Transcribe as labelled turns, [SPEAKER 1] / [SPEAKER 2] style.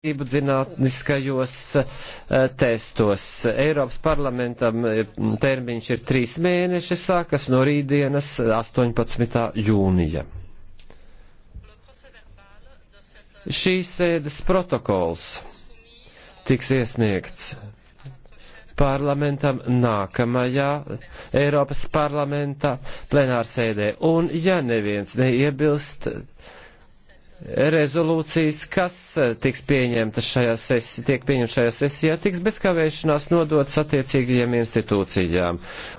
[SPEAKER 1] Gribu zinātniskajos eh, testos. Eiropas parlamentam eh, termiņš ir trīs mēneši, sākas no rītdienas 18. Eh, jūnija. Šīs sēdes protokols tiks iesniegts parlamentam nākamajā Eiropas parlamenta plenārsēdē. Un ja neviens neiebilst, rezolūcijas, kas eh, tiks pieņemta šajā sesijā, tiek pieņemta šajā sesijā, tiks bezkavēšanās nodotas attiecīgajiem
[SPEAKER 2] institūcijām.